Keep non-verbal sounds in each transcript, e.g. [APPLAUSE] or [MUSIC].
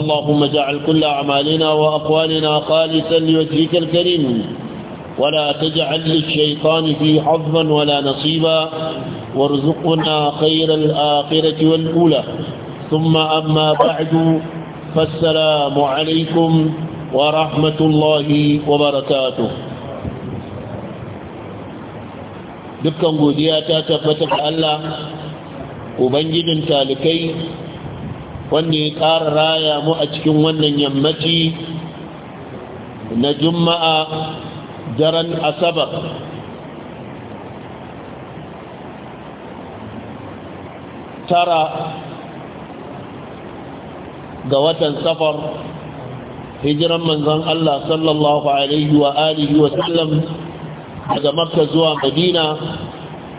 اللهم اجعل كل أعمالنا وأقوالنا خالصا لوجهك الكريم ولا تجعل للشيطان في حظا ولا نصيبا وارزقنا خير الآخرة والأولى ثم أما بعد فالسلام عليكم ورحمة الله وبركاته دكا godiya ta tabbata ga Allah ubangijin talikai wanda ya ƙara raya mu a cikin wannan yammaci na juma'a daren asabar tara ga watan safar hijiran manzon Allah sallallahu alaihi wa alihi wa sallam daga makka zuwa madina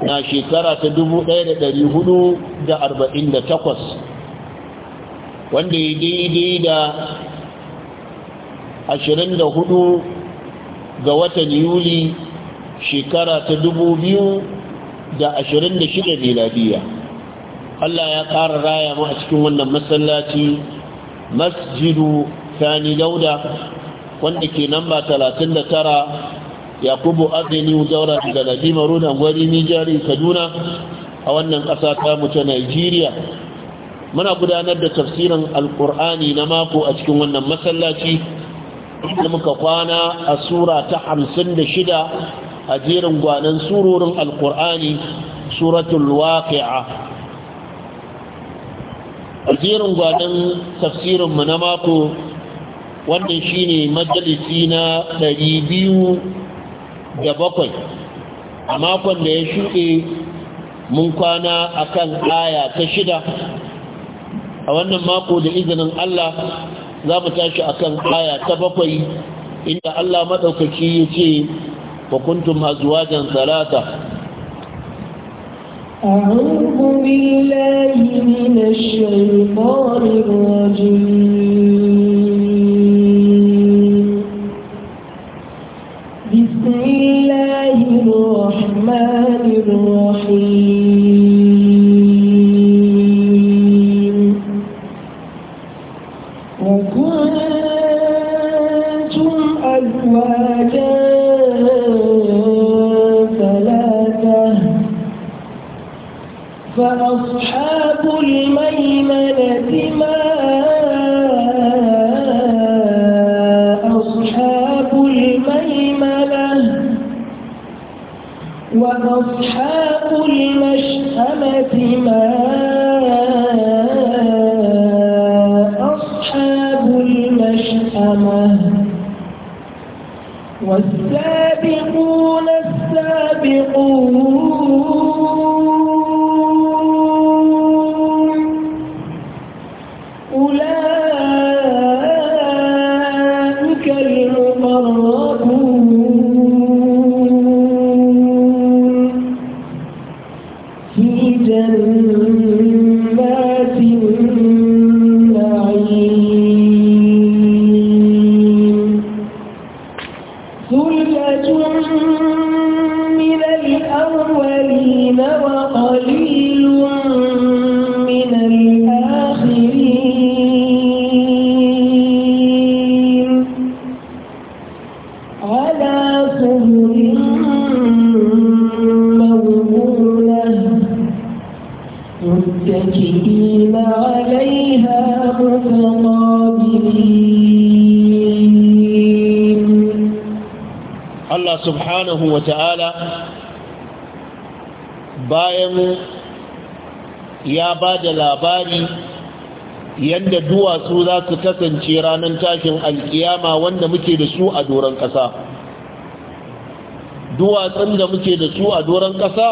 na shekara ta 1448 wanda ya daidai da 24 ga watan yuli shekara ta da 2026 miladiya Allah ya ƙara raya mu a cikin wannan masallaci masjidu sani dauda wanda ke namba 39 yakubu avenue daura daga ladima road gwari nijari kaduna a wannan ƙasa ta mu ta nigeria muna gudanar da tafsirin alkur'ani na mako a cikin wannan masallaci da muka kwana a sura ta hamsin da shida a jerin gwanan surorin alkur'ani suratul waqi'a a jerin gwanon tafsirinmu na mako wannan shine majalisi na biyu da bakwai a makon da ya shuɗe mun kwana akan aya ta shida a wannan mako da izinin Allah za mu tashi kan aya ta bakwai inda Allah maɗaukaki ya ce wa kuntum azwajan salata أعوذ بالله بسم الله الرحمن الرحيم ya ba da labari yadda duwatsu za su kasance ranar tashin alkiyama wanda muke da su a doron ƙasa duwatsun da muke da su a doron ƙasa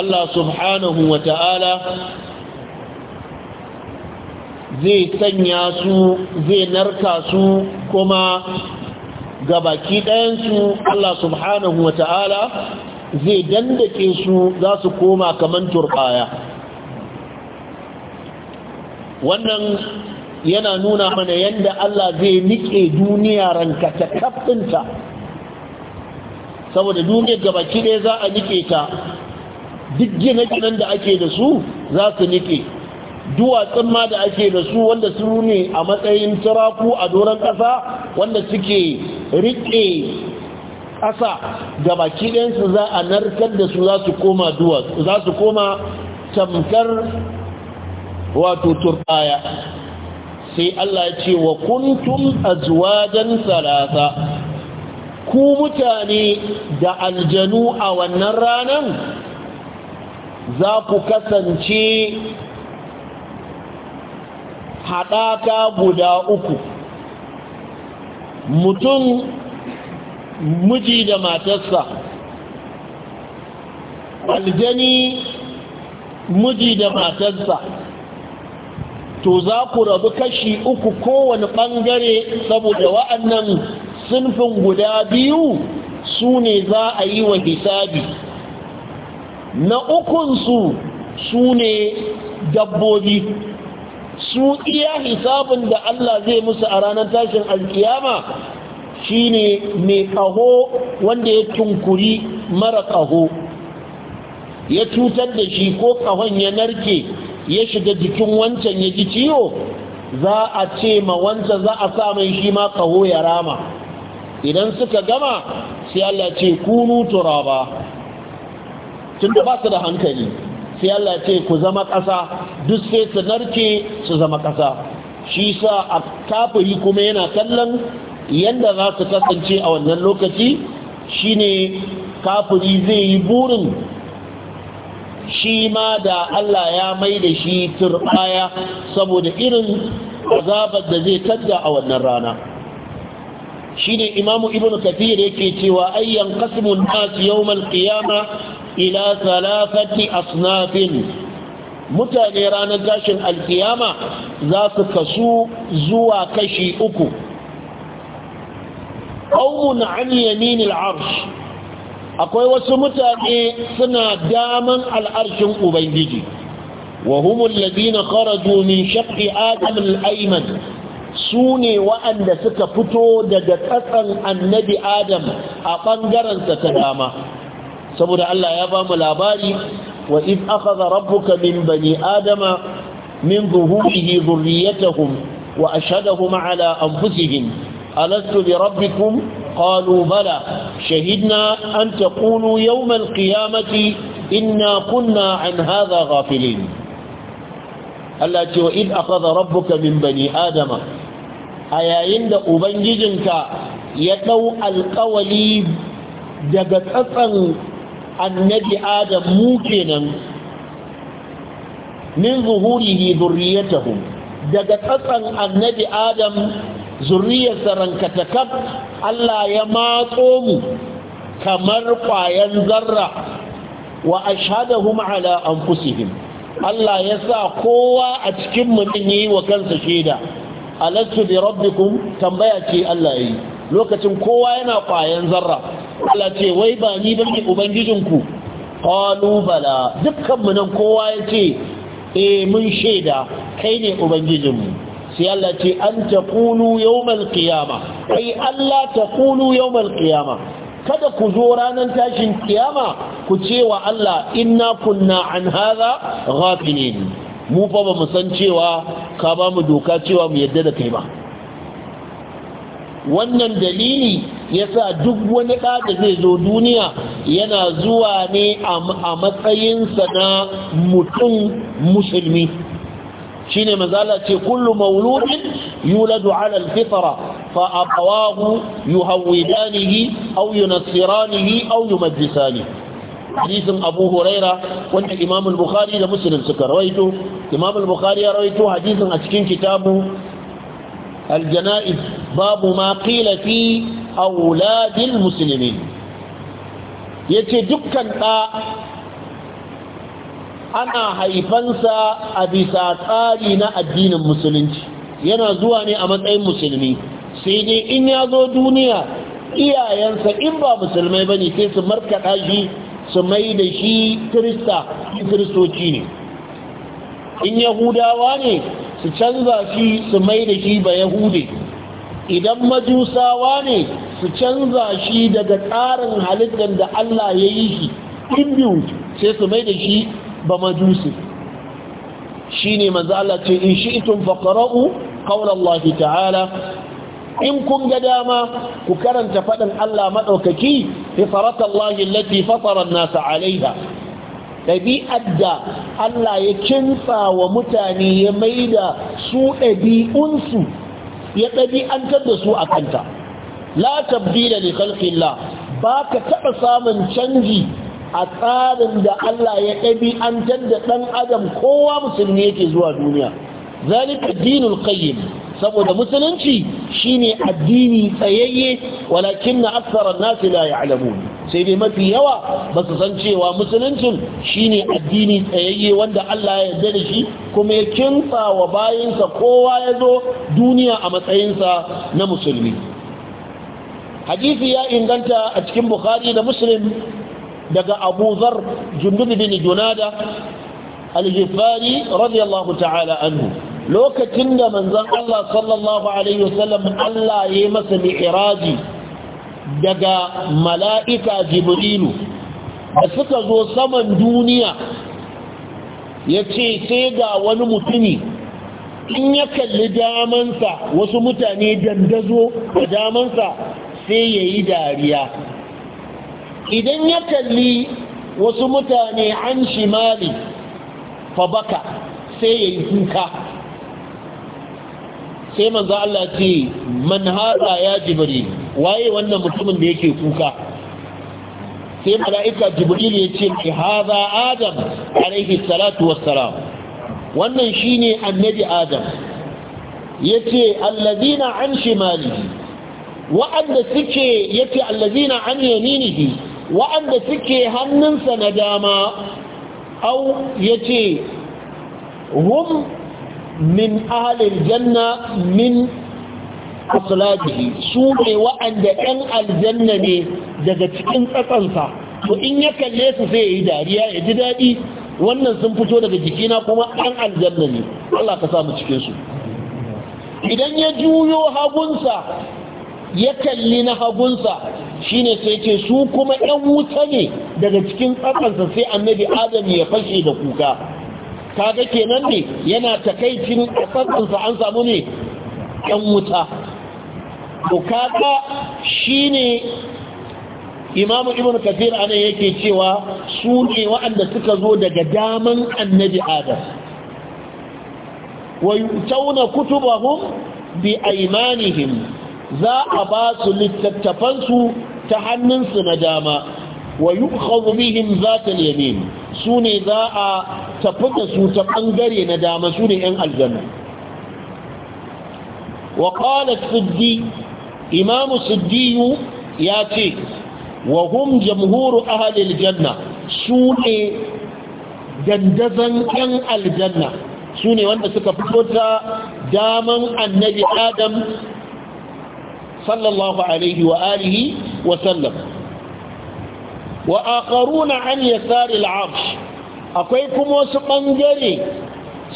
Allah subhanahu wa ta'ala zai sanya su zai narka su kuma gabaki ɗayansu Allah subhanahu wa ta'ala zai dandake su za su koma kamar turɓaya wannan yana nuna mana yadda Allah zai nike duniya ranka ta kafinta saboda duniya gabaki ɗaya za a nike ta duk gine-ginen da ake da su za su nike duwatsun ma da ake da su wanda su ne a matsayin turaku a doron ƙasa wanda suke riƙe ƙasa gabaki ɗayansu za a narkar da su za su koma tamkar wato turbaya sai Allah ya ce wa kuntum azwajan salasa ku mutane da aljanu a wannan ranan za ku kasance haɗaka guda uku mutum miji da matarsa aljani miji da matarsa to za ku rabu kashi uku kowane ɓangare saboda wa'annan sinfin guda biyu su ne za a yi wa hisabi na ukunsu su ne dabbobi su iya hisabin da Allah zai musu a ranar tashin alkiyama shine mai ƙaho wanda ya tunkuri mara ƙaho ya cutar da shi ko ƙahon ya narke ya shiga jikin wancan ya ji ciwo za a ce ma wancan za a sa mai shi ma kaho ya rama idan suka gama sai Allah ce kunu turaba tun da ba su da hankali sai Allah ce ku zama ƙasa duk sai su narke su zama ƙasa shi sa a kafiri kuma yana kallon yadda za su kasance a wannan lokaci shi shine kafiri zai yi burin shi ma da Allah ya mai da shi turbaya saboda irin azabar da zai tadda a wannan rana shine imamu ibn kafir yake cewa ayyan qasmun nas yawm al-qiyama ila thalathati asnafin mutane ranar gashin alkiyama za su kasu zuwa kashi uku qaumun an yamin al-arsh akwai wasu mutane suna daman al'arshin ubangiji wa humul ladina kharaju min shaqqi adam al-ayman su ne waɗanda suka fito daga ƙasan annabi adam a ɓangarensa ta dama saboda Allah ya ba mu labari wa iz akhadha rabbuka min bani adama min zuhurihi dhurriyyatahum wa ashhadahum ala anfusihim alastu bi rabbikum قالوا بلى شهدنا أن تقولوا يوم القيامة إنا كنا عن هذا غافلين التي وإذ أخذ ربك من بني آدم أيا عند أبنججنك يتو القولي دقتأسا النبي آدم موكنا من ظهوره ذريته دقتأسا النبي آدم ذرية سرنكتكب Allah ya matso mu kamar ƙwayan zarra wa ashhadahum ala anfusihim Allah ya sa kowa a cikin mutum yi wa kansa shaida alastu bi rabbikum tambaya ce Allah yi lokacin kowa yana ƙwayan zarra Allah ce wai ba ni bane ku. qalu bala dukkan nan kowa yace eh mun shaida kai ne ubangijin mu. sai Allah ce an taqulu yawmal qiyama ai Allah taqulu yawmal qiyama kada ku zo ranar tashin ƙiyama, ku ce wa Allah inna kunna an hadha ne mu fa ba san cewa ka ba mu doka cewa mu yadda da kai ba wannan dalili yasa duk wani ɗa da zai zo duniya yana zuwa ne a matsayinsa na mutum musulmi shine manzala ce kullu mauludin yuladu ala alfitra fa abawahu yuhawidanihi aw yunassiranihi aw yumajjisani hadisin abu huraira wanda imam al-bukhari da muslim suka rawaito imam al-bukhari ya rawaito hadisin a cikin kitabu al-janaiz babu ma qila fi awladil muslimin yace dukkan da ana haifansa a bisa tsari na addinin musulunci yana zuwa ne a matsayin musulmi sai dai in ya zo duniya iyayensa in ba musulmai ba ne sai su markaɗa shi su mai da shi kirista kiristoci ne in yahudawa ne su canza shi su mai da shi ba yahude idan majusawa ne su canza shi daga tsarin halittar da allah ya yi shi in biyu sai su mai da shi ba majusi shine manzo Allah ce in shi'tum faqra'u qawla Allah ta'ala in kun ga dama ku karanta faɗin Allah maɗaukaki fitarat Allah allati fatara an-nas 'alayha da Allah ya kinsa wa mutane ya maida su ɗabi'unsu ya ɗabi'antar da su a kanta la tabdila li khalqillah ba ka taɓa samun canji a tsarin da Allah ya can da ɗan adam kowa musulmi yake zuwa duniya zalika dinul qayyim saboda musulunci shine addini tsayayye walakin na aksara nasi la ya'lamu sai dai mafi yawa ba su san cewa musuluncin shine addini tsayayye wanda Allah ya yarda da shi kuma ya kinsa wa bayinsa kowa ya zo duniya a matsayinsa na musulmi hadisi ya inganta a cikin bukhari da muslim daga Abu Zar Jundub bin Junada al-Ghifari radiyallahu ta'ala anhu lokacin da manzon Allah sallallahu alaihi wasallam Allah ya masa mi'raji daga mala'ika Jibrilu da suka zo saman duniya yace sai ga wani mutumi in ya kalli damansa wasu mutane dandazo da damansa sai ya yi dariya idan ya kalli wasu mutane an shimali fa baka sai ya yi kuka sai manzo Allah ce man hada ya jibril waye wannan mutumin da yake kuka sai mala'ika jibril ya ce mai haza adam alaihi salatu wassalam wannan shine annabi adam ya ce allazina an shimali wa'anda suke yace ce allazina an yaminihi wa'anda suke hannunsa na dama au ya ce hum min ahalin janna min asulajihi su ne wa'anda 'yan aljanna ne daga cikin tsatsansa to in ya kalle su sai ya yi dariya ya ji daɗi wannan sun fito daga jikina kuma 'yan aljanna ne Allah ka samu cikinsu idan ya juyo hagunsa ya kalli na hagunsa shine sai ce su kuma yan wuta ne daga cikin tsakansa sai annabi adam ya fashe da kuka kaga kenan ne yana takaicin tsakansa an samu ne yan wuta to kaga shine imamu ibn kafir anan yake cewa su ne waɗanda suka zo daga daman annabi adam wa tauna kutubahum bi aimanihim za a ba su littattafansu ta hannunsu na dama wa yukhadhu bihim zata yamin su ne za a tafi da su ta bangare na dama su ne yan aljanna wa qala siddi imam ya ce wa hum jamhuru ahli janna su ne dandazan yan aljanna su ne wanda suka fito ta daman annabi adam sallallahu alaihi wa alihi wa sallam wa akharuna an akwai kuma wasu bangare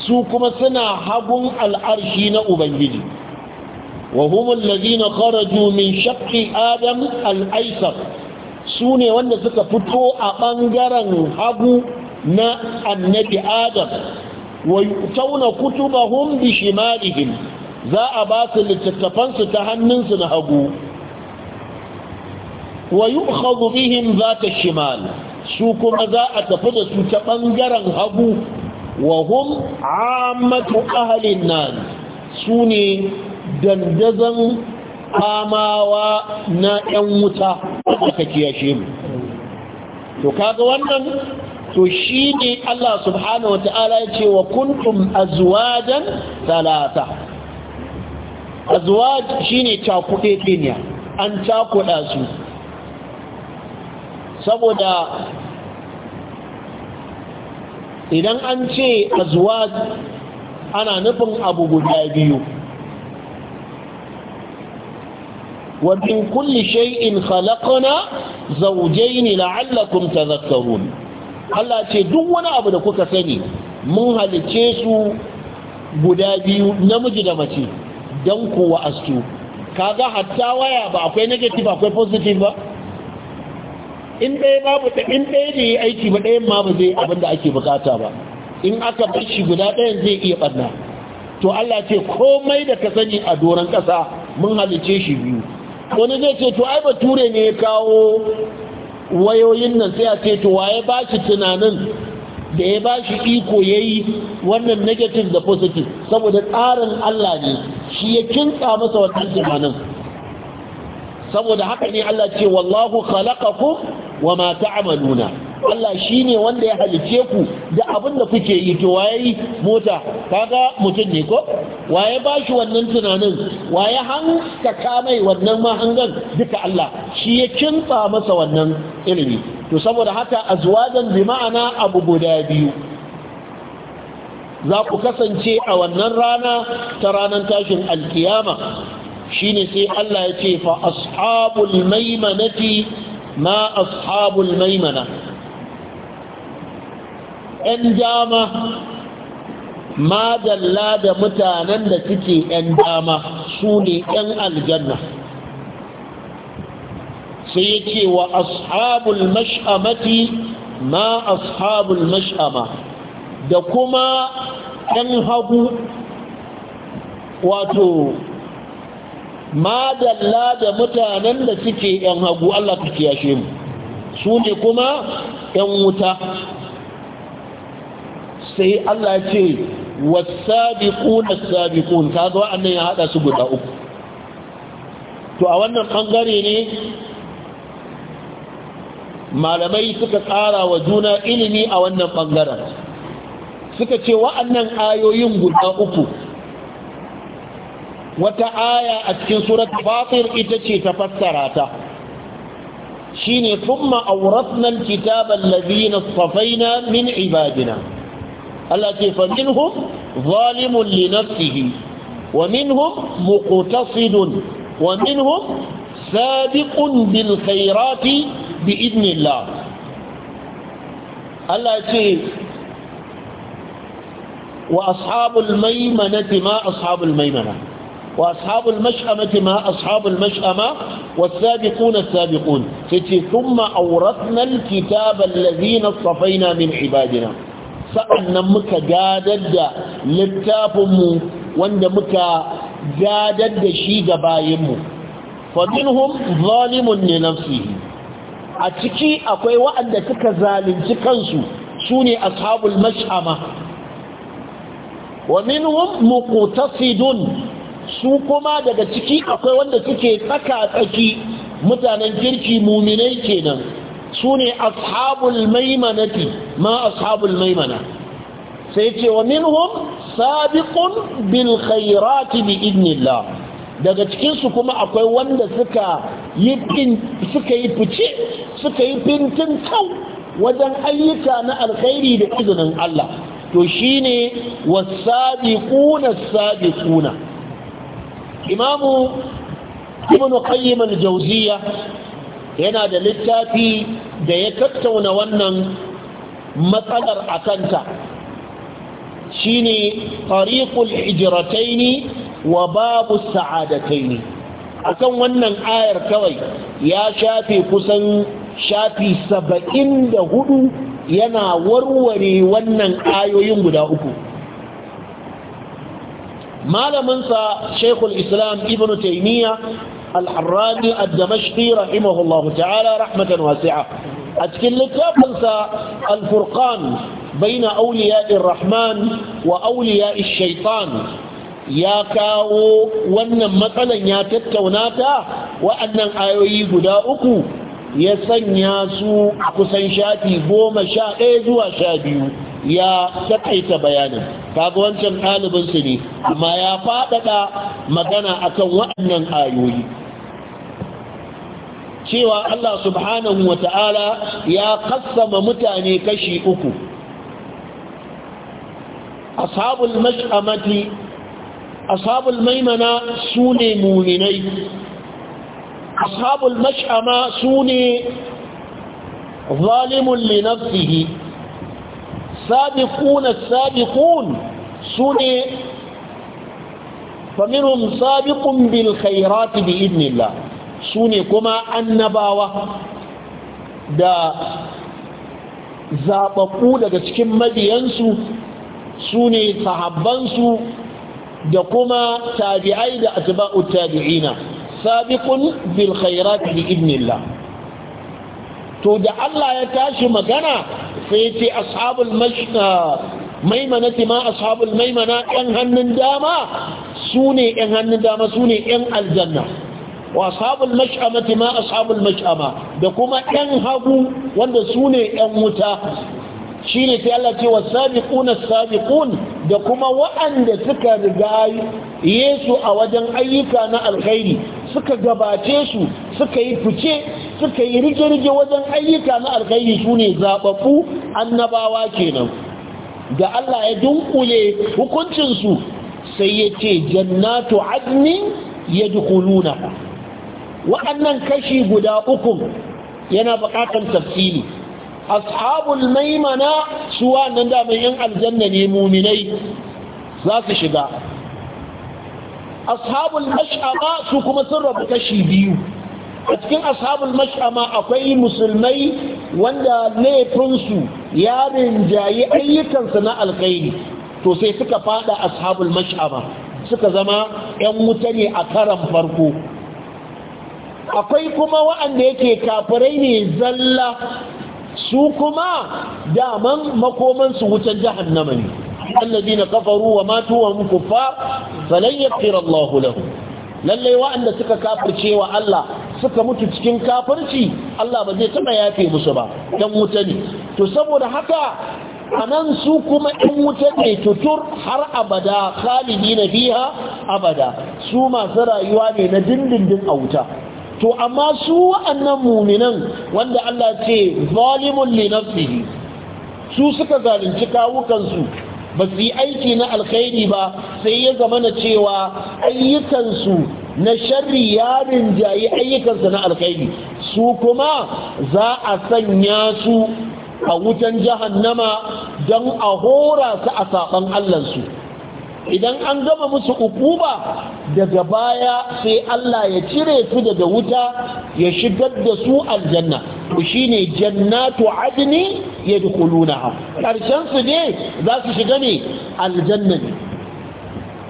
su kuma suna hagun al'arshi na ubangiji wa humul ladina kharaju min adam al su ne wanda suka fito a bangaren hagu na annabi adam wa yutawna kutubahum bi shimalihim za a ba su littattafansu ta hannunsu na hagu wa yi bihin za ta shimal su kuma za a tafi da su ta ɓangaren hagu wa hum amatu ahalin nan su ne dandazon amawa na 'yan wuta aka kiyashe mu to kaga wannan to shi ne Allah subhanahu wa ta'ala ya ce wa kuntum azwajan talata azwaj shine cakuɗe ɗiniya an cakuɗa su saboda idan an ce azwaj ana nufin abu guda biyu wa min kulli shay'in khalaqna zawjayn la'allakum tadhakkarun Allah ce duk wani abu da kuka sani mun halice su guda biyu namiji da mace don ku wa'astu kaga hatta waya ba akwai negative akwai positive ba in ɗaya babu in ɗaya ne ya aiki ba ɗayan ma ba zai abinda ake bukata ba in aka bar shi guda ɗayan zai iya ɓarna to Allah ce komai da ka sani a doron ƙasa mun halice shi biyu wani zai ce to ai bature ne ya kawo wayoyin nan sai a ce to waye ba shi tunanin da ya ba shi iko ya yi wannan negative da positive saboda tsarin Allah ne shi ya kinsa masa wannan tunanin saboda haka ne Allah ce wallahu khalaqakum wama ta'maluna Allah shi ne wanda ya halice ku da abin da kuke yi to waye mota kaga mutum ne ko waye bashi wannan tunanin waye hankaka mai wannan mahangan duka Allah shi ya kinsa masa wannan ilimi to saboda haka azwajan bi ma'ana abu guda biyu za ku kasance a wannan rana ta ranar tashin alkiyama shine sai Allah ya ce fa ashabul maimanati ma ashabul maimana ‘yan dama ma dalla da mutanen da suke ‘yan dama su ne ‘yan aljanna sai ya ce wa ashabul mash'amati ma ashabul mash'ama da kuma ɗan hagu wato madalla da mutanen da suke ‘yan hagu Allah ka kiyashe mu su ne kuma ‘yan wuta sai Allah ce wasabiqun as ta kaga annan ya haɗa su guda uku to a wannan ɓangare ne malamai suka ƙara wa juna ilimi a wannan ɓangaren. suka ce wa'annan ayoyin guda uku wata aya a cikin surat fatir ita ce ta fassara ta shine thumma awratna kitabar alladhina safaina min ibadina Allah ce fa minhum zalimun li nafsihi wa minhum muqtasidun wa minhum sabiqun bil khairati bi idnillah Allah ce واصحاب الميمنه ما اصحاب الميمنه واصحاب المشامه ما اصحاب المشامه والسابقون السابقون ثم اورثنا الكتاب الذين اصطفينا من عبادنا sa'annan muka gadar da littafinmu wanda muka gadar da shi ga bayinmu faminhum zalimun ne nafsihi a ciki akwai wa'anda suka zalunci kansu sune ne ashabul mash'ama wa minhum mukutasidun su kuma daga ciki akwai wanda suke tsaka tsaki mutanen kirki muminai kenan su ne ashabul maimanati ma ashabul maimana sai ce wa minhum sabiƙun bil bi idnillah daga cikinsu kuma akwai wanda suka yi fice suka yi fintin kau wajen ayyuka na alkhairi da izinin Allah to shine wasabiquna sabiquna imamu ibnu qayyim al-jawziya yana da littafi da ya tattauna wannan matsalar akanta shine tariqul hijrataini wa babu sa'adataini akan wannan ayar kawai ya shafe kusan shafi saba'in da huɗu. yana warware wannan ayoyin guda uku malaminsa shekul islam ibn taimiyya al-harrani al-damashqi rahimahullahu ta'ala rahmatan wasi'a a cikin littafinsa al-furqan baina auliya rahman wa auliya shaitan ya kawo wannan matsalan ya tattauna ta wa'annan ayoyi guda uku ya sanya su kusan shafi goma sha ɗaya zuwa sha biyu ya takaita bayanin kaga wancan ɗalibinsu ne amma ya faɗaɗa magana akan waɗannan ayoyi cewa Allah subhanahu wa ta'ala ya kassama mutane kashi uku ashabul mash'amati ashabul maimana su ne muminai ashabul mash'ama sune zalimun li nafsihi sabiqun as-sabiqun sune faminhum sabiqun bil khairat bi idnillah sune kuma annabawa da zababbu daga cikin mabiyansu sune ne sahabbansu da kuma tabi'ai da atba'u tabi'ina sabiqun bil khairat bi idnillah to da Allah ya tashi magana sai ce ashabul maimanati ma ashabul maimana yan hannun dama su yan hannun dama su yan aljanna wa ashabul mash'amati ma ashabul mash'ama da kuma yan hagu wanda su yan wuta shi ne sai Allah ce wa sabiquna sabiqun da kuma wa'anda suka riga Yesu a wajen ayyuka na alkhairi suka gabace su suka yi fice suka yi rige-rige wajen ayyuka na alkhairi su ne zaɓaɓɓu annabawa kenan da Allah ya dunkule hukuncinsu sai ya ce jannatu adni ya dukuluna waɗannan kashi guda uku yana buƙatar tafsiri ashabul maimana su nan da mai yan aljanna ne muminai za su shiga ashabul mash'ama su kuma sun rabu kashi biyu a cikin ashabul mash'ama akwai musulmai wanda laifinsu ya rinjayi ayyukansu na alkhairi to sai suka fada ashabul mash'ama suka zama 'yan wuta ne a karan farko akwai kuma wa'anda yake kafirai ne zalla su kuma daman makomansu wutan jihar ne الذين كفروا وماتوا وهم كفار فلن يغفر الله لهم lallai waɗanda suka kafirce wa Allah suka mutu cikin kafirci Allah ba zai taɓa yafe musu ba ɗan wuta ne to saboda haka a nan su kuma yan wuta ne tutur har abada khalidi na abada su masu rayuwa ne na dindindin a wuta to amma su wa'annan muminan wanda Allah ce zalimun li nafsihi su suka zalunci kawukansu ba su yi aiki na alkhairi ba sai ya zama na cewa ayyukansu na sharri ya rinjayi ayyukansu na alkhairi su kuma za a sanya su a wutan jahannama don a hora su a saɓan allansu idan an gama musu ukuba daga baya sai Allah ya cire su daga wuta ya shigar da su aljanna to shine jannatu adni yadkhulunaha Ƙarshen su ne za su shiga ne aljanna ne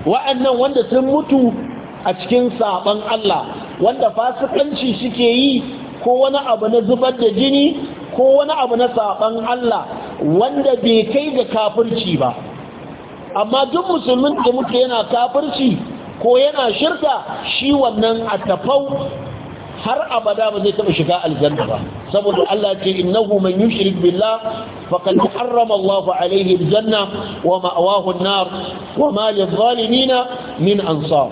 wa'annan wanda sun mutu a cikin saɓan Allah wanda fasikanci suke yi ko wani abu na zubar da jini ko wani abu na saban Allah wanda bai kai ga kafirci ba amma duk musulmin da muke yana kafirci ko yana shirka shi wannan a tafau har abada ba zai taɓa shiga aljanna ba saboda Allah ce innahu man yushrik billah faqad harrama Allah alayhi aljanna wa ma'wahu an-nar wa ma lidh min ansar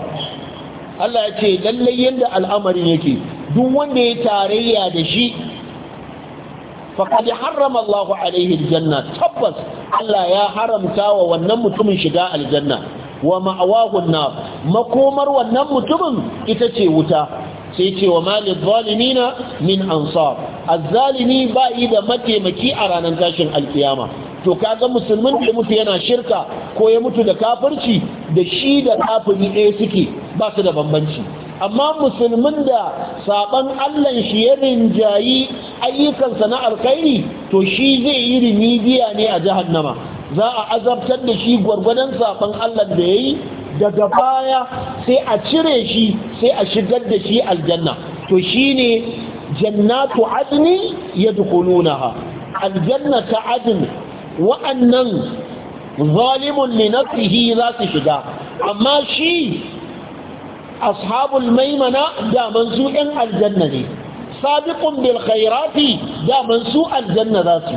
Allah ya ce lalle yanda al'amarin yake duk wanda ya tarayya da shi faqad harrama Allahu alaihi janna tabbas Allah ya haramta wa wannan mutumin shiga aljanna wa ma'awahu an-nar makomar wannan mutumin ita ce wuta sai ce wa malil zalimina min ansar azzalimi ba yi da mataimaki a ranar tashin alkiyama to kaga musulmin da mutu yana shirka ko ya mutu da kafirci da shi da kafiri ɗaya suke ba su da bambanci amma musulmin da saban allan shi ya rinjayi ayyukansa na alkhairi to shi zai yi rimidiya ne a jahannama za a azabtar da shi gwargwadon saban allan da ya yi daga baya sai a cire shi sai a shigar da shi aljanna to shi ne jannatu adni ya dukununaha aljanna ta adni wa'annan zalimun li nafsihi za su shiga amma shi ashabul maimana daman su ɗan aljanna ne sabiqun bil khairati daman su aljanna za su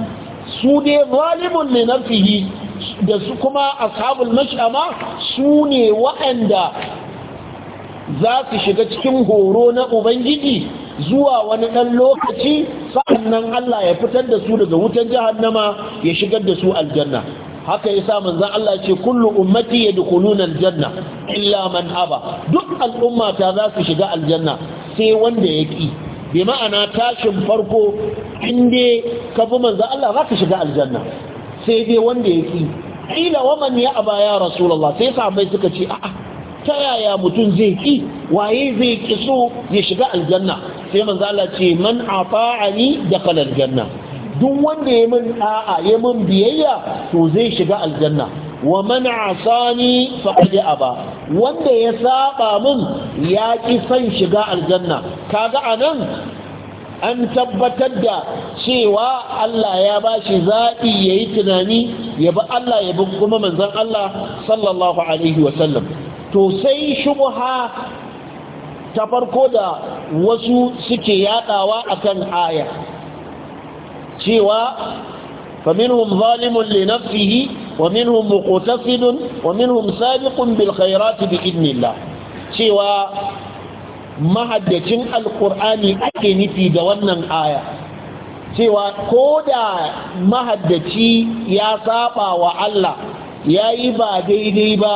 su ne zalimun li da su kuma ashabul mash'ama su ne waɗanda za su shiga cikin horo na ubangiji zuwa wani ɗan lokaci sa'annan Allah ya fitar da su daga wutan jihar nama ya shigar da su aljanna haka yasa manzon Allah ce kullu ummati yadkhuluna aljanna illa man aba duk al'umma ta za su shiga aljanna sai wanda ya ki bi ma'ana tashin farko inde ka bi manzon Allah za ka shiga aljanna sai dai wanda ya ki ila waman ya aba ya rasulullah sai sahabbai suka ce a'a ta yaya mutum zai ki waye zai ki so ya shiga aljanna sai manzon Allah ce man ata'ani dakhala aljanna duk wanda ya min a'a ya min biyayya to zai shiga aljanna wa man asani faqad aba wanda ya saba min ya ki san shiga aljanna kaga anan an tabbatar da cewa Allah ya bashi shi zaɓi ya yi tunani ya bi Allah ya bi kuma manzan Allah sallallahu Alaihi sallam to sai shubuha ta farko da wasu suke yadawa akan aya cewa wa ظالم لنفسه ومنهم مقتصد ومنهم سابق بالخيرات bi الله Cewa mahaddacin Alƙur'ani ake nufi da wannan aya cewa ko da mahaddaci ya saba wa Allah ya yi ba daidai ba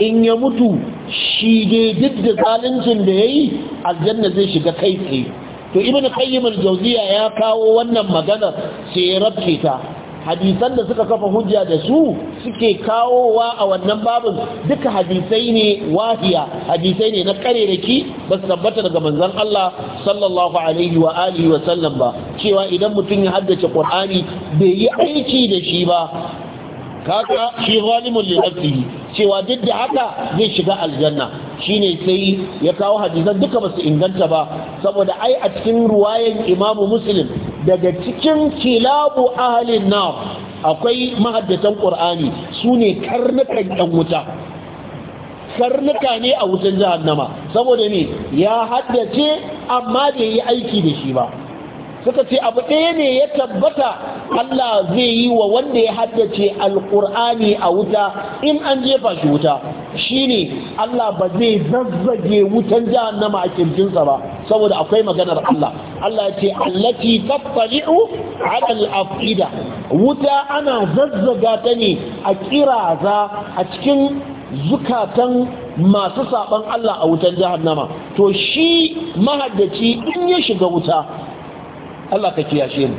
in ya mutu shi dai duk da zaluncin da ya yi aljanna zai shiga kai tsaye to ibn qayyim al-jawziya ya kawo wannan magana sai ta hadisan da suka kafa hujja da su suke kawowa a wannan babin duka hadisai ne wahiya hadisai ne na kareraki ba su tabbata daga manzon Allah sallallahu alaihi wa alihi wa sallam ba cewa idan mutum ya haddace Qur'ani bai yi aiki da shi ba kaka shi zalimun li nafsihi cewa duk da haka zai shiga aljanna shine sai ya kawo hadisan duka basu inganta ba saboda ai a cikin ruwayan imamu muslim daga cikin kilabu ahalin na akwai mahaddatan ƙur'ani su ne karnukan ɗan wuta karnuka ne a wutan jihar nama saboda ne ya haddace amma bai yi aiki da shi ba suka ce abu ɗaya ne ya tabbata Allah zai yi wa wanda ya haddace alkur'ani a wuta in an jefa shi wuta shine Allah ba zai zazzage wutan jahannama a kirjinsa ba saboda akwai maganar Allah Allah ya ce allati tattali'u ala al-afida wuta ana zazzaga ta ne a kiraza a cikin zukatan masu saban Allah a wutan jahannama to shi mahaddaci in ya shiga wuta Allah ka kiyashe mu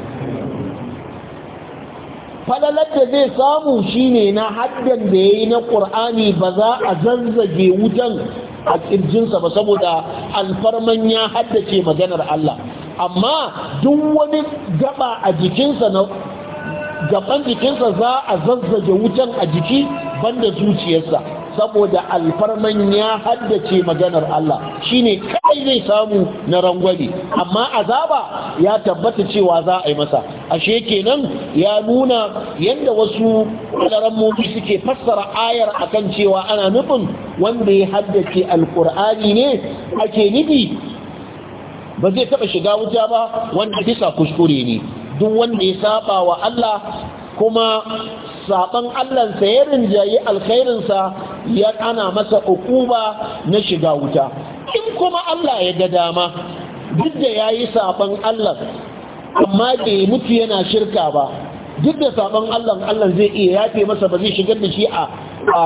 da zai samu shine na haddan da yayi na ƙur'ani ba za a zanzage wutan a ƙirjinsa ba saboda alfarman ya haddace maganar Allah amma duk wani gaba a jikinsa na gaban jikinsa za a zazzage wutan a jiki banda zuciyarsa saboda alfarman ya haddace maganar Allah shine kai zai samu na rangwame amma azaba ya tabbata cewa za a yi masa ashe kenan ya nuna yadda wasu alarammomi suke fassara ayar akan cewa ana nufin wanda ya haddace alkur'ani ne ake nufi ba zai taba shiga wuta ba wanda bisa kuskure ne duk wanda ya saba wa Allah kuma saban allansa ya alkhairin alkhairinsa ya ana masa ukuba na shiga wuta in kuma allah ya ga dama duk da ya yi saban allah amma bai mutu yana shirka ba duk da saban allah allah zai iya yafe masa ba zai shigar da shi a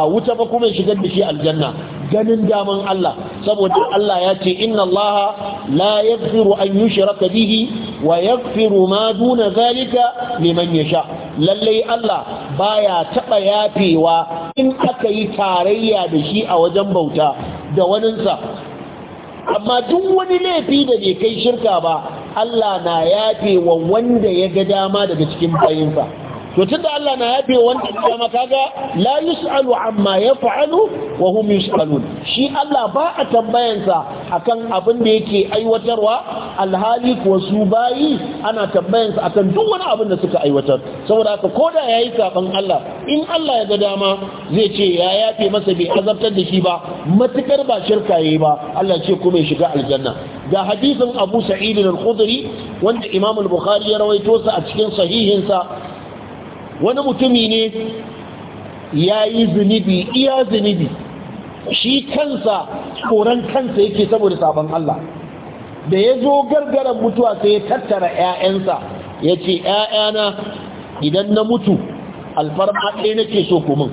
wuta ba kuma ya shigar da shi aljanna ganin daman Allah saboda Allah ya ce inna Allah la yaghfiru an yushraka bihi wa yaghfiru ma duna zalika liman yasha lallai Allah baya taba yafewa in aka yi tarayya da shi a wajen bauta da waninsa amma duk wani laifi da bai kai shirka ba Allah na yafe wa wanda ya ga dama daga cikin bayinsa to tunda Allah na yafe wanda dama kaga la yusalu amma yaf'alu wa hum yusalun shi Allah ba a tambayansa akan abin da yake aiwatarwa alhali kuwa su bayi ana tambayansa akan duk wani abin da suka aiwatar saboda haka koda yayi saban Allah in Allah ya ga dama zai ce ya yafe masa bai azabtar da shi ba matukar ba shirka yayi ba Allah ce kuma ya shiga aljanna ga hadisin Abu Sa'id al-Khudri wanda Imam al-Bukhari ya rawaito sa a cikin sahihinsa wani mutumi ne ya yi zunubi iya zunubi shi kansa tsoron kansa yake saboda sabon Allah da ya zo gargaran mutuwa sai ya tattara 'ya'yansa ya ce 'ya'yana idan na mutu alfarma ɗaya nake so kumin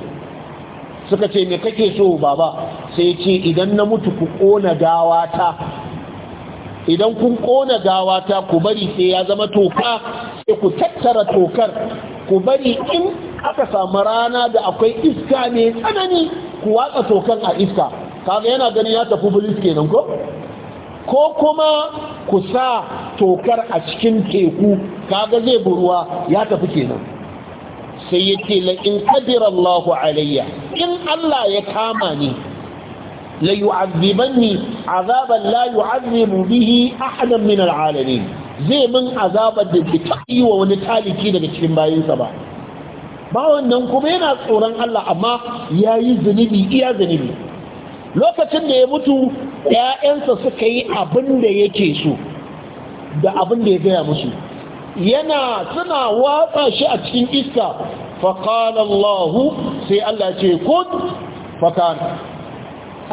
suka ce me kake so baba sai ya ce idan na mutu ku ƙona gawata idan kun ƙona gawata ku bari sai ya zama toka sai ku tattara tokar ku bari in aka samu rana da akwai iska mai tsanani ku watsa tokan a iska kaga yana ganin ya tafi bulis kenan ko ko kuma ku sa tokar a cikin teku kaga zai buruwa ya tafi kenan sai ya ce la in alayya in Allah ya kama ni la yu'adhibanni azaban la yu'adhibu bihi ahadan min al'alamin zai min azabar da bai taɓa wa wani taliki daga cikin bayansa ba Ba nan kuma yana tsoron Allah amma ya yi zunubi iya zunubi lokacin da ya mutu ‘ya'yansa suka yi abin da yake so da abin da ya gaya musu yana suna watsa shi a cikin iska faƙalallahu sai Allah ce kun faƙan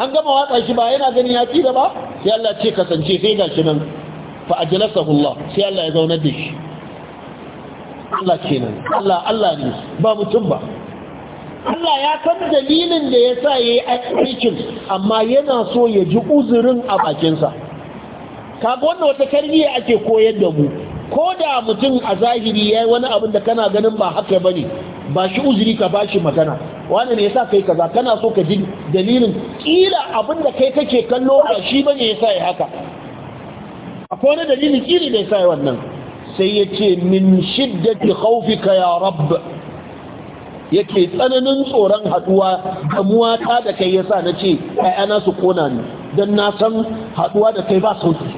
an gama watsa shi ba yana ganin ya ci gaba sai Allah ce kasance sai ga shi nan fa ajalasahu Allah sai Allah ya zauna da shi Allah kenan Allah Allah ne ba mutum ba Allah ya san dalilin da ya sa yayi aikin amma yana so ya ji uzurin a bakinsa kaga wannan wata tarbiyya ake koyar da mu ko da mutum a zahiri yayi wani abin da kana ganin ba haka bane ba shi uzuri ka ba shi magana wani ne yasa kai kaza kana so ka ji dalilin kila abin da kai kake kallo ba shi bane yasa yayi haka akwai wani dalili kiri da ya sa wannan sai ya ce min shiddati khawfika ya rabb yake tsananin tsoron haduwa kamuwa ta da kai yasa na ce 'Ya'yana su kona ni dan na san haduwa da kai ba sauki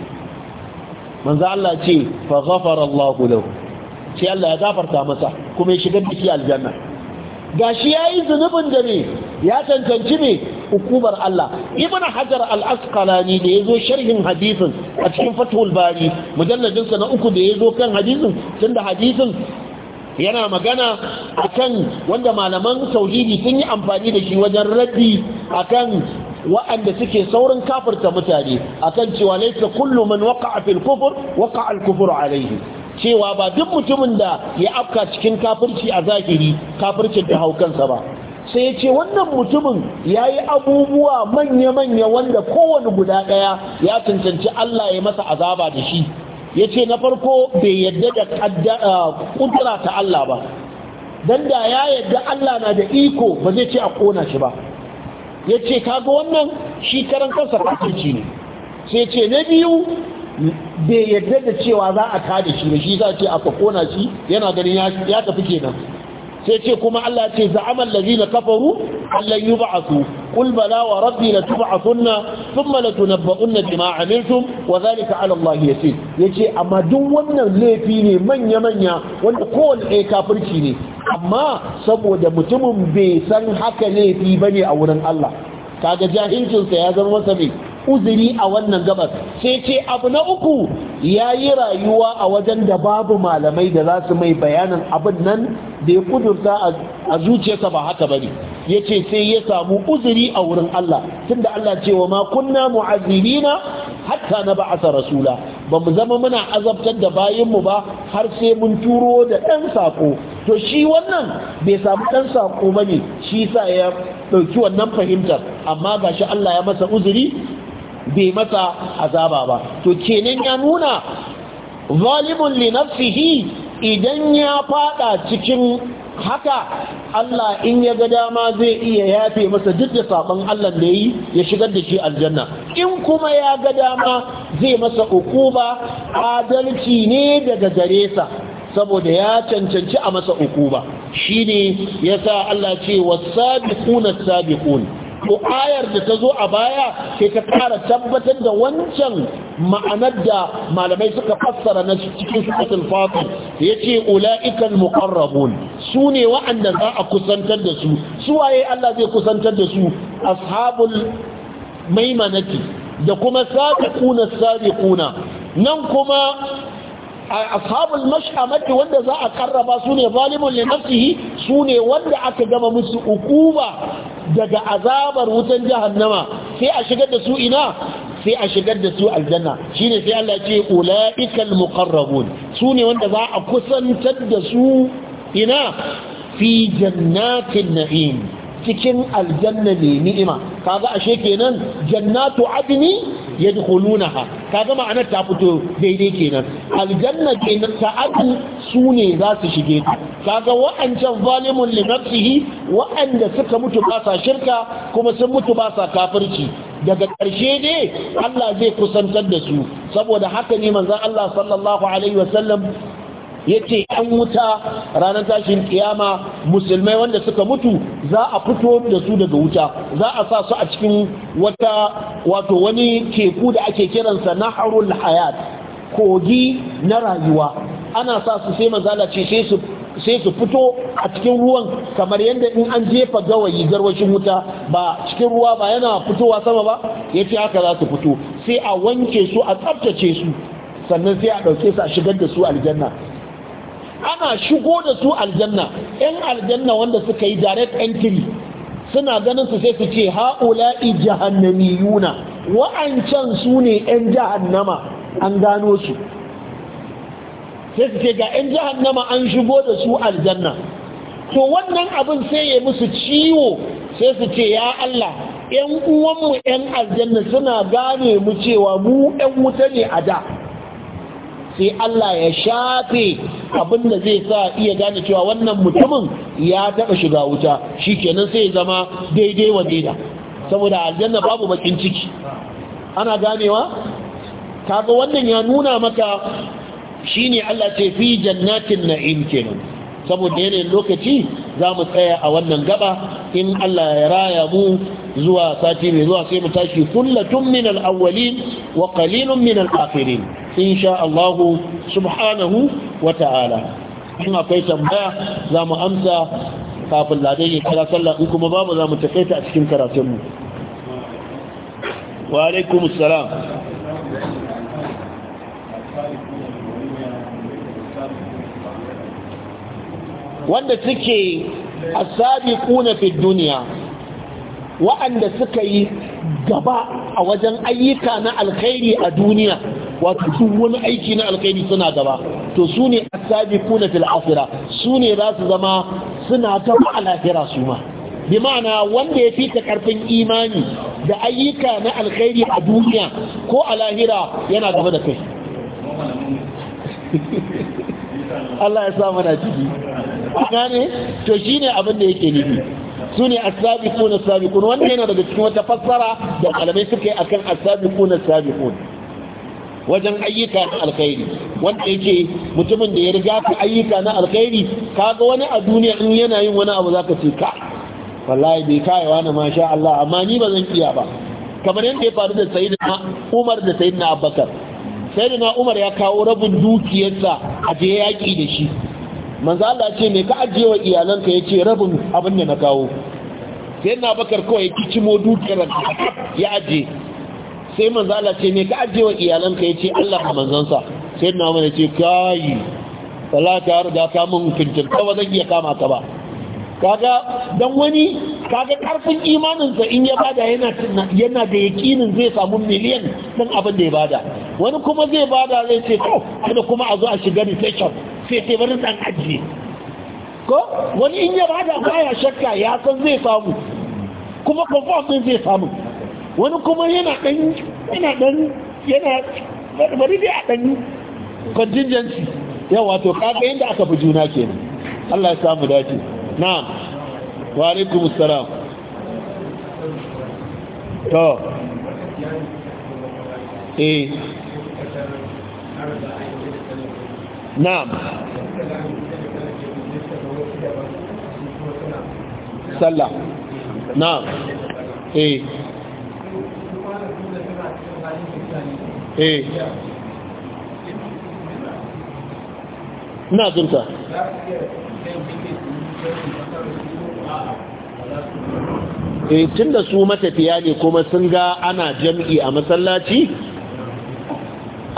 manzo Allah ce fa ghafara Allahu lahu sai Allah ya gafarta masa kuma ya shiga biki aljanna gashi yayi zunubin da ne ya cancanci ne hukumar Allah ibn hajar al-asqalani da yazo sharhin hadisin a cikin fathul bari mujalladin sa na uku da yazo kan hadisin tunda hadisin yana magana akan wanda malaman tauhidi sun yi amfani da shi wajen raddi akan wa'anda suke saurin kafirta mutane akan cewa laisa kullu man waqa'a fil kufr waqa'a al-kufru alayhi cewa ba duk mutumin da ya afka cikin kafirci a zahiri kafircin da haukansa ba sai ya ce wannan mutumin ya yi abubuwa manya-manya wanda kowane guda ɗaya ya cancanci Allah ya masa azaba da shi ya ce na farko bai yadda da ƙudura ta Allah ba don da ya yadda Allah na da iko ba zai ce a ƙona shi ba ya ce kaga wannan shi karan kansa ne sai ce na biyu bai yadda da cewa za a kada shi da shi za ce aka kona shi yana ganin ya tafi kenan sai ce kuma Allah ya ce za'amal ladina kafaru yi ba'asu qul bala wa rabbi sun mana thumma la tunabba'unna bima 'amiltum wa dhalika 'ala Allah Ya yace amma duk wannan laifi ne manya manya wanda kowane ɗaya kafirci ne amma saboda mutumin bai san haka laifi ba ne a wurin Allah kaga jahilcinsa ya zama masa ne uzuri a wannan gabas sai ce abu na uku ya yi rayuwa a wajen da babu malamai da za su mai bayanin abin nan da ya kudurta a zuciyarsa ba haka ba ne ya ce sai ya samu uzuri a wurin Allah tun da Allah ce wa ma kunna mu'azzibina hatta na ba'asa rasula ba mu zama muna azabtar da bayanmu ba har sai mun turo da ɗan sako to shi wannan bai samu ɗan sako ba ne shi sa ya ɗauki wannan fahimtar amma ga shi Allah ya masa uzuri bai masa azaba ba to kenan ya nuna zalimun li idan ya fada cikin haka Allah in ya ga dama zai iya yafe masa duk da saban Allah da yi ya shigar da shi aljanna in kuma ya ga dama zai masa ukuba adalci ne daga gare sa saboda ya cancanci a masa ukuba shine yasa Allah ce was-sabiquna sabiqun to da ta zo a baya sai ta ƙara tabbatar da wancan ma'anar da malamai suka fassara na cikin suratul fatir yace ula'ikan muƙarrabun su ne wa'anda za a kusantar da su su waye Allah zai kusantar da su ashabul maimanati da kuma sabiquna kuna nan kuma ashabul mash'amati wanda za a karraba su ne zalimun li nafsihi su ne wanda aka gama musu ukuba daga azabar wutan jahannama sai a shigar da su ina sai a shigar da su aljanna shine sai Allah ya ce ulaiikal muqarrabun su ne wanda za a kusantar da su ina fi jannatin na'im cikin aljanna ne ni'ima kaga ashe kenan jannatu adni yadkhulunaha kaga ma'anar ta fito daidai kenan aljanna kenan ta sune za su shige ta kaga wa'ancan zalimun li nafsihi wa'anda suka mutu ba sa shirka kuma sun mutu ba sa kafirci daga ƙarshe ne Allah zai kusantar da su saboda haka ne manzon Allah sallallahu alaihi wasallam yace yan wuta ranar tashin ƙiyama musulmai wanda suka mutu za a fito da su daga wuta za a sa su a cikin wata wato wani teku da ake kiransa na naharul hayat kogi na rayuwa ana sa su sai manzala ce sai su sai su fito a cikin ruwan kamar yadda in an jefa gawayi garwashin wuta ba cikin ruwa ba yana fitowa sama ba ya ce haka za su fito sai a wanke su a tsabtace su sannan sai a ɗauke su a shigar da su aljanna ana shigo da su aljanna yan aljanna wanda suka yi direct entry suna ganin su sai su ce ha'ula'i jahannamiyuna wa'ancan su ne yan jahannama an gano su sai su ce ga yan jahannama an shigo da su aljanna to wannan abin sai ya musu ciwo sai su ce ya Allah yan uwanmu yan aljanna suna gane mu cewa mu yan wuta ne a da sai Allah ya shafe abin da zai sa iya gane cewa wannan mutumin ya taɓa shiga wuta shi kenan sai ya zama daidai wa daida saboda aljanna babu bakin ciki ana ganewa kaga wannan ya nuna maka shine Allah ce fi jannatin na'im kenan saboda yanayin lokaci za mu tsaya a wannan gaba in Allah ya raya mu zuwa sati mai zuwa sai mu tashi kullatun min al-awwalin wa qalilun min al-akhirin insha Allah subhanahu wa ta'ala in akwai tambaya za mu amsa kafin ladan kira sallah in kuma babu za mu tafaita a cikin karatunmu wa alaikumus salam wanda suke asabiquna fi duniya wa'anda suka yi gaba a wajen ayyuka na alkhairi a duniya wato duk wani aiki na alkhairi suna gaba to su ne asabiquna fil akhirah su ne za su zama suna gaba a lahira su ma bi ma'ana wanda ya fita karfin imani da ayyuka na alkhairi a duniya ko a lahira yana gaba da kai [LAUGHS] Allah ya sa mana ciki gane to shine abin da yake nufi su ne na asabiqun wannan yana daga cikin wata fassara da malamai suka yi akan asabiqun asabiqun wajen ayyuka na alkhairi wanda yake mutumin da ya riga ka ayyuka na alkhairi kaga wani a duniya in yana yin wani abu zaka ce ka wallahi bai kai wani masha Allah amma ni ba zan iya ba kamar yadda ya faru da sayyidina Umar da sayyidina Abubakar sayyidina Umar ya kawo rabin dukiyarsa a je yaki da shi manzo Allah ce me ka ajiye wa iyalanka yace rabin abin da na kawo sai na bakar kawai ya kicimo dukiyar ya aje sai manzo Allah ce me ka ajiye wa iyalanka yace Allah manzon sa sai na mana ce kai wala ka riga ka mun kincin ka ba zan iya kama ka ba kaga dan wani kaga karfin imaninsa in ya bada yana yana da yakinin zai samu miliyan dan abin da ya bada wani kuma zai bada zai ce to kuma a zo a shiga recession sai ce bari ajiye ko wani in ya bada baya shakka ya san zai samu kuma confirm din zai samu wani kuma yana dan yana dan yana bari dai a dan contingency yawa to kaga yadda aka fi juna kenan Allah ya samu dace na'am wa alaikumus salam to eh na'am sallah eh. eh. na jinta eh tun su matafiya ne kuma sun ga ana jam'i a masallaci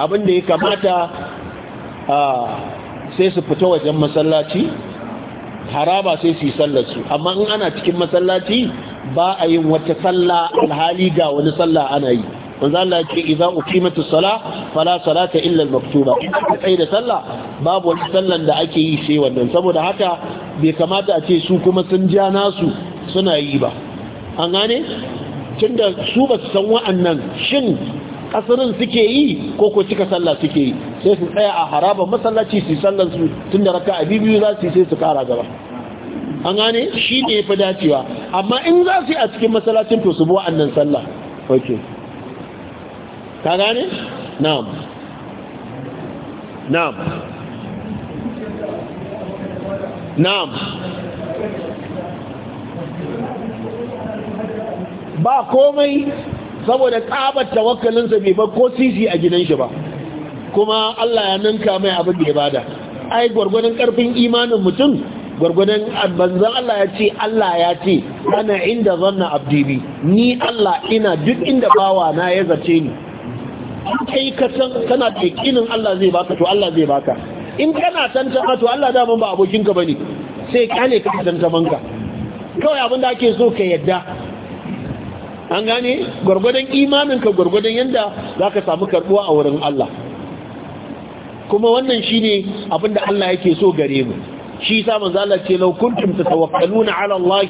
abinda ya kamata sai su fita wajen masallaci haraba sai su yi sallarsu amma in ana cikin masallaci ba a yin wata salla alhali ga wani salla ana yi wanzu Allah ce idza uqimatu sala fala salata illa al ba in ka da sallah babu wani sallan da ake yi sai wannan saboda haka bai kamata a ce su kuma sun ja nasu suna yi ba an gane tunda su ba su san wa'annan shin asirin suke yi ko ko cika sallah suke yi sai su tsaya a haraba masallaci su sallan su tun da raka biyu za su sai su kara gaba an gane shi ne ya fi dacewa amma in za su yi a cikin masallacin to su bi wa'annan sallah ok ka gane na'am na'am na'am ba komai saboda kabar tawakkalinsa bai ba ko sisi a gidan shi ba kuma Allah ya ninka mai abin da ya bada ai gwargwadon karfin imanin mutum gwargwadon manzon Allah ya ce Allah ya ce ana inda zanna abdibi ni Allah ina duk inda bawa na ya zace ni kai ka san kana da yakinin Allah zai baka to Allah zai baka in kana san ta to Allah da ba abokinka bane sai kane ka tantamanka kawai abin da ake so ka yadda an gane gwargwadon imaninka gwargwadon yadda za ka samu karbuwa a wurin Allah kuma wannan shi ne abinda Allah yake so gare mu shi sa manzo Allah ce law kuntum tatawakkaluna ala Allah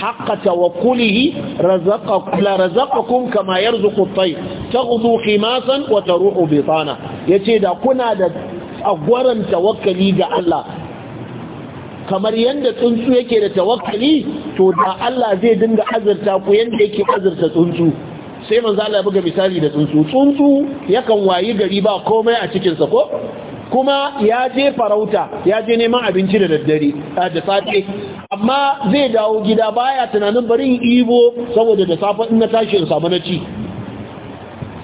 haqqa tawakkulihi razaqakum la razaqakum kama yarzuqu at-tayr taghdu khimasan wa taruhu bitana yace da kuna da agwaran tawakkali ga Allah kamar yadda tsuntsu yake da tawakkali to da Allah zai dinga azurta ku yadda yake azurta tsuntsu sai manzo Allah buga misali da tsuntsu tsuntsu yakan wayi gari ba komai a cikin sa ko kuma ya je farauta ya je neman abinci da daddare da safe amma zai dawo gida baya tunanin bari in ibo saboda da safe in na tashi in samu na ci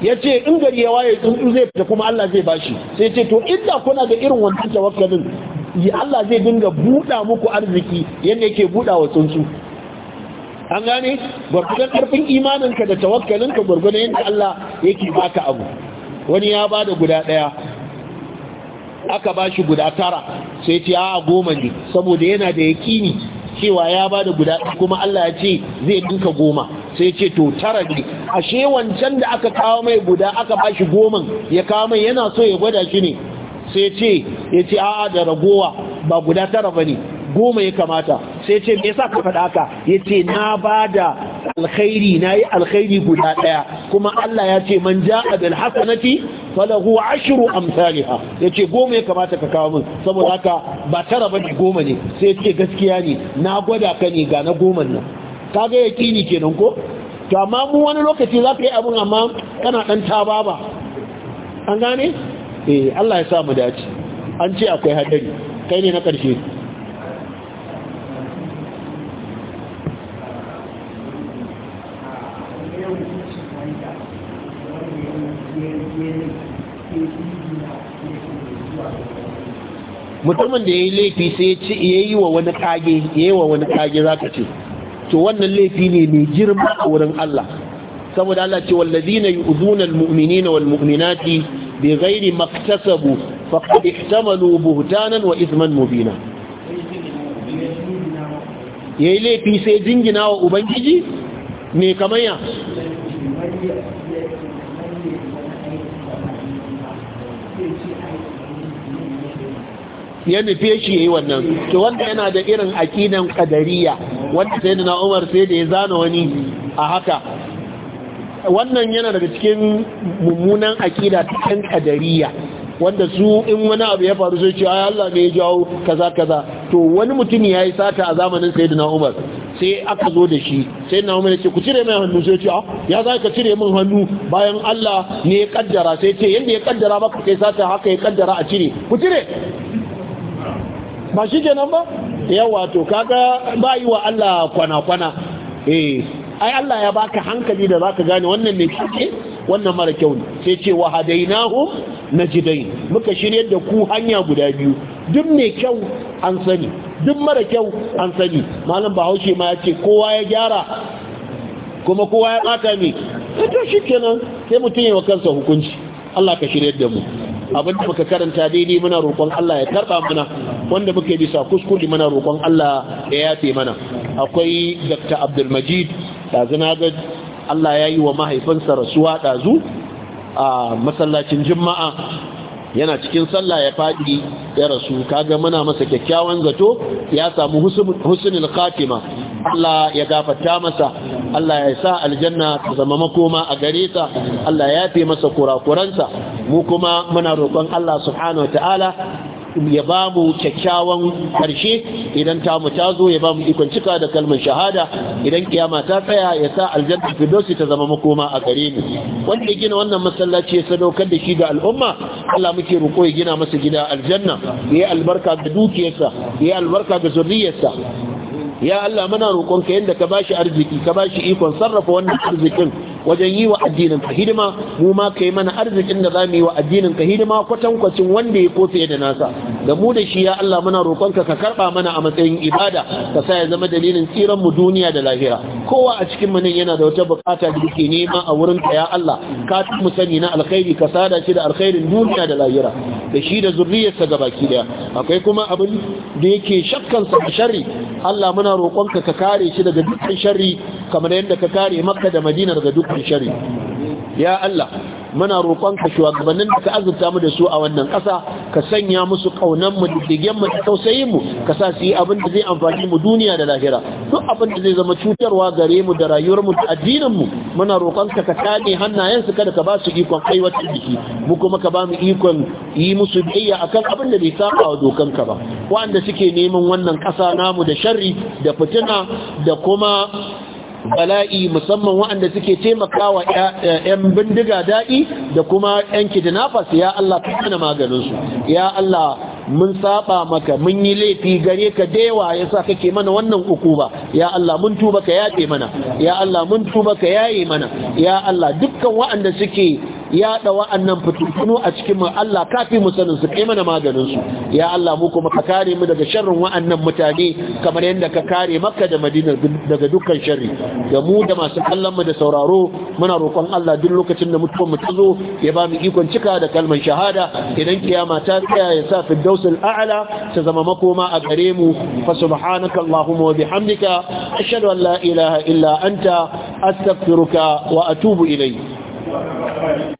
ya in gari ya waye tsuntsu zai fita kuma Allah zai bashi sai ce to inda kuna da irin wannan tawakkalin Allah zai dinga buɗa muku arziki yadda yake buɗa wa tsuntsu an gane gwargwadon ƙarfin imaninka da tawakkalinka gwargwadon yadda Allah yake baka abu wani ya ba da guda ɗaya aka ba shi guda tara sai ce a goma ne saboda yana da yakini cewa ya ba da guda kuma Allah ya ce zai dinka goma sai ce to tara ne ashe wancan da aka kawo mai guda aka ba shi goman ya kawo mai yana so ya gwada shi ne sai ce ya ce a'a da ragowa ba guda tara ba ne goma ya kamata sai ce me yasa ka faɗa ya ce na ba da alkhairi na yi alkhairi guda ɗaya kuma Allah ya ce man ja'a bil hasanati falahu ashru ha ya ce goma ya kamata ka kawo min saboda haka ba tara ba ne goma ne sai ce gaskiya ne na gwada ka ne ga na goman nan ka kaga yaƙini kenan ko to amma mu wani lokaci za ka yi abin amma kana ɗan taba ba an gane eh Allah ya samu dace an ce akwai hadari kai ne na karshe mutumin da ya yi laifi sai ya yi wa wani kage ya wa wani kage za ka ce to wannan laifi ne mai girma a wurin Allah saboda Allah ce wallazina yu'zuna almu'minina walmu'minati bi ghairi maktasabu faqad ihtamalu buhtanan wa ithman mubina yayi laifi sai jingina wa ubangiji me kamanya ya nufe shi ya yi wannan to wanda yana da irin aƙinan ƙadariya wanda sai na umar sai da ya zana wani a haka wannan yana daga cikin mummunan akida ta kan kadariya wanda su in wani abu ya faru sai ce ai Allah ne ya jawo kaza kaza to wani mutum ya yi sata a zamanin sayyidina Umar sai aka zo da shi sai na umar ce ku cire mai hannu sai ce ah, ya za ka cire min hannu bayan Allah ne ya kaddara sai ce yadda ya kaddara maka kai sata haka ya kaddara a cire ku cire ba shi kenan ba yawa to kaga ba yi wa Allah kwana-kwana eh ai Allah ya baka hankali da zaka gane wannan mai kyau wannan mara kyau ne sai ce wa hadainahu najidain muka shiryar da ku hanya guda biyu duk mai kyau an sani duk mara kyau an sani malam bahaushe ma ya ce kowa ya gyara kuma kowa ya bata ne to shikenan sai mutum ya wa kansa hukunci Allah ka shiryar da mu abin da muka karanta daidai muna roƙon Allah ya karɓa mana wanda muke bisa kuskure muna roƙon Allah ya yafe mana akwai Dr. Abdulmajid ɗazu na ga Allah ya yi wa mahaifinsa rasuwa ɗazu a masallacin juma'a yana cikin sallah ya faɗi ya rasu kaga muna masa kyakkyawan zato ya samu husnul khatima Allah ya gafarta masa Allah ya sa aljanna ta zama makoma a gare ta Allah ya yafe masa kurakuransa mu kuma muna roƙon Allah subhanahu wataala ya ba mu kyakkyawan ƙarshe idan ta mu ta zo ya ba mu ikon cika da kalmar shahada idan kiyama ta tsaya ya sa aljanna firdausi ta zama makoma a gare mu wanda ya gina wannan masallaci ya sadaukar da shi ga al'umma Allah muke roƙo ya gina masa gida aljanna ya yi albarka ga dukiyarsa ya yi albarka ga zurriyarsa ya Allah muna roƙonka yadda ka bashi arziki ka bashi ikon sarrafa wannan arzikin wajen yi wa addinin ka hidima mu ma kai mana arzikin da zamu yi wa addinin ka hidima kwatankwacin wanda ya kofe da nasa da mu da shi ya Allah muna roƙonka ka karba mana a matsayin ibada ka sa ya zama dalilin tsiran mu duniya da lahira kowa a cikin mu nan yana da wata bukata da yake nema a wurin ka ya Allah ka mu sani na alkhairi ka sada shi da alkhairin duniya da lahira da shi da zurriyarsa ga baki daya akwai kuma abin da yake shakkansa sa sharri Allah muna roƙonka ka kare shi daga dukkan sharri kamar yadda ka kare Makka da Madina daga dukkan sharri ya Allah muna roƙonka shugabannin da ka azurta mu da su a wannan ƙasa ka sanya musu ƙaunar mu diddigen mu da tausayin mu ka sa su yi abin da zai amfani mu duniya da lahira duk abin da zai zama cutarwa gare mu da rayuwar mu da addinin mu muna roƙonka ka tane hannayen su kada ka ba su ikon aiwatar jiki mu kuma ka ba mu ikon yi musu biyayya akan abin da bai saba wa dokanka ba wanda suke neman wannan ƙasa namu da sharri da fitina da kuma bala'i musamman waɗanda suke taimakawa ƴan bindiga daɗi da kuma ƴan kidnappers ya Allah ka hana su ya Allah mun saba maka mun yi laifi gare ka dewa yasa kake mana wannan ukuba ya Allah mun tuba ka yafe mana ya Allah mun tuba ka yaye mana ya Allah dukkan wa'anda suke yaɗa wa'annan fitintunu a cikin mu Allah kafi mu sanin su kai mana maganin su ya Allah mu kuma ka kare mu daga sharrin wa'annan mutane kamar yadda ka kare Makka da Madina daga dukkan sharri da mu da masu kallon mu da sauraro muna roƙon Allah duk lokacin da mutuwar mu ta zo ya ba mu ikon cika da kalmar shahada idan kiyama ta tsaya ya sa fidda firdausul a'la ta zama makoma a gare mu fa subhanaka allahumma wa bihamdika ashhadu an la ilaha illa anta astaghfiruka wa atubu ilai.